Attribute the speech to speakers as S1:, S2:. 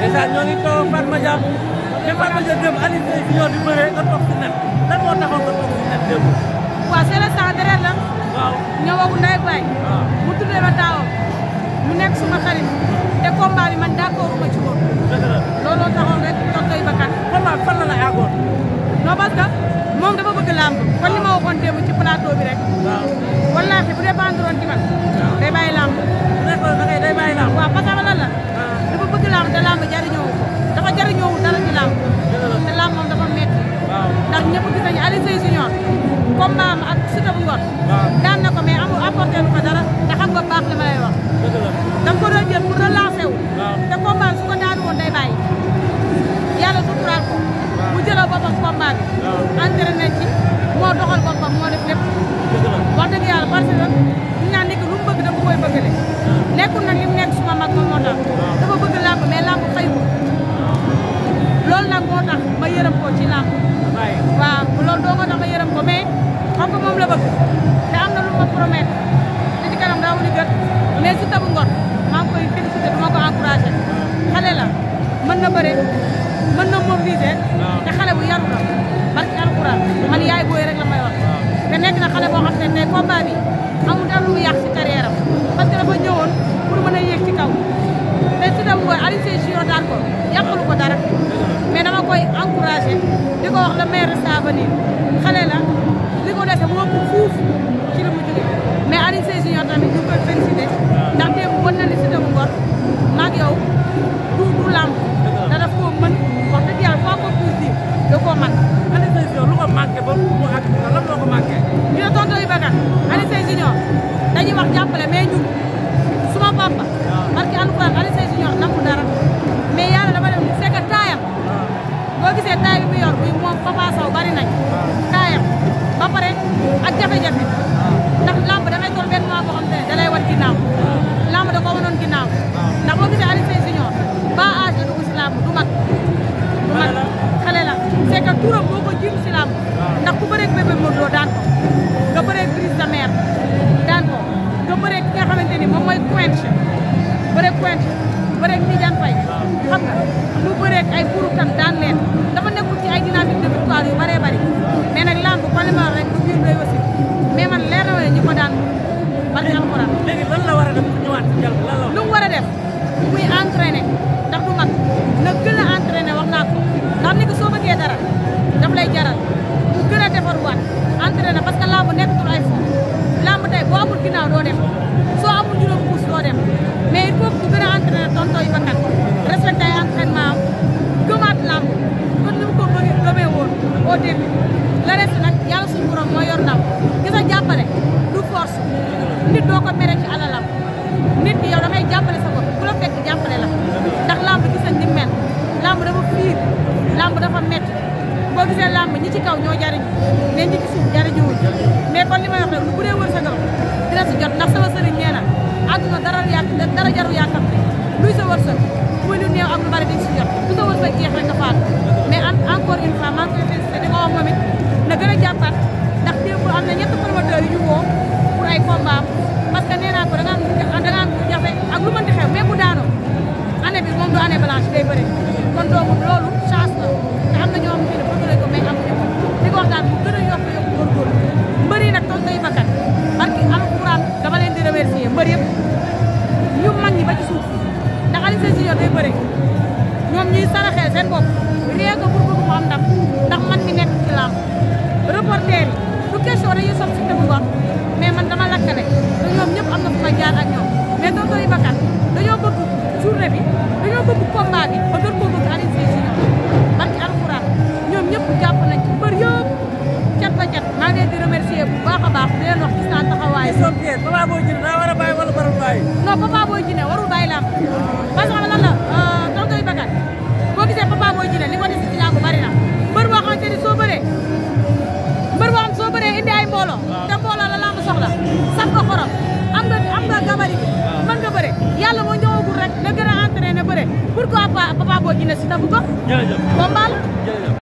S1: dèjà ñoo ngi toog Fatma Diagne te Fatma Diagne dem Alioune Seye si ñoo di bëree nga toog si nen lan moo taxoon nga toog si nen démb. waaw c'est le sang deret la. waaw ñëwagu ndey baay. Ah. waaw mu tuddee ma taawam mu nekk suma xarit te combat bi man d'accord ma ci woon. dëgg la looloo taxoon rek toog koy bakkan. combat fan la la yàggoon. non parce que moom dafa bëgg làmb kon li ma waxoon démb ci plateau bi rek. waaw wallaahi bu dépendre woon ci man. gis nañu Alioune Sèye Junior combat am ak Siteu bu Ngor. daan na ko mais amul apporté lu ko dara te xam nga baax li ma lay wax. da nga ko doon jël pour relancer wu. te combat su ko daanu woon day bàyyi. yàlla suturaal ko. mu jëloo boppam combat bi. entraîné ci moo doxal boppam moo def lépp. wax dëgg yàlla parce que ñu naan ni que lu mu bëgg da nga koy bëggale. nekkul nag li mu nekk suma mag moom moo tax. dafa bëgg làmb mais làmb xëy ko loolu nag moo tax ma yërëm ko ci làmb. waaw. doo ko yërëm ko mais xam la bëgg te am na lu ma promettre li ci kanam daa wuli gët mais si tabu ngor maa ngi koy félicité du ma ko xale la mën na bëre mën na mobiliser te xale bu yaru la barki alxuraan man yaay booy rek la may te nekk na xale boo xam ne ne combat venint. bëreeg pointe bëreeg pointe bëreeg Midiane Faye xam nga lu bëreeg koy bakkan respecté ay entraînement am gëmaat lamb kon ni mu ko bëgg gëmee woon au début le reste nag yàlla suñu borom moo yor ndam gis nga jàppale du force nit doo ko mere ci alalam nit ki yow dangay jàppale sa bopp ku la fekk jàppale la ndax lamb gis nañ ni mel lamb dafa fiir lamb dafa metti boo gisee lamb ñi ci kaw ñoo jariñu mais ñi ci suuf jariñuwuñ mais kon li may wax rek lu bu dee wërsëgal dina si jot ndax sama sëriñ nee na àdduna dara yàq dara jaru wërsëg muy lu néew am lu bari dañ si jot bu sa wërsëg jeex rek nga faatu mais encore une fois maa ngi koy félicité di ko wax moom it na gën a jàppaat ndax démb am na ñett promoteurs yu ñu woo pour ay combat parce que nee naa ko da ngaa da ngaa jafe ak lu mën di xew mais bu daanoo année bi moom du année blanche day bëri kon doomu loolu journée bi dañoo bëgg combat bi ba doon ko bëgg Alioune Seye Junior barki alxuraan ñoom ñëpp jàpp nañ ci mbër yëpp cat ba cat maa ngi leen di remercier bu baax a baax di leen wax gis naa taxawaay. son Pierre Papa Boy Djiné daa war a bàyyi wala warul bàyyi. non Papa Boy Djiné warul bàyyi làmb parce que xam nga lan la tonton euh, Bakar boo gisee Papa Boy Djiné li ko des ne Siteu bu ko. jërëjëf combat la.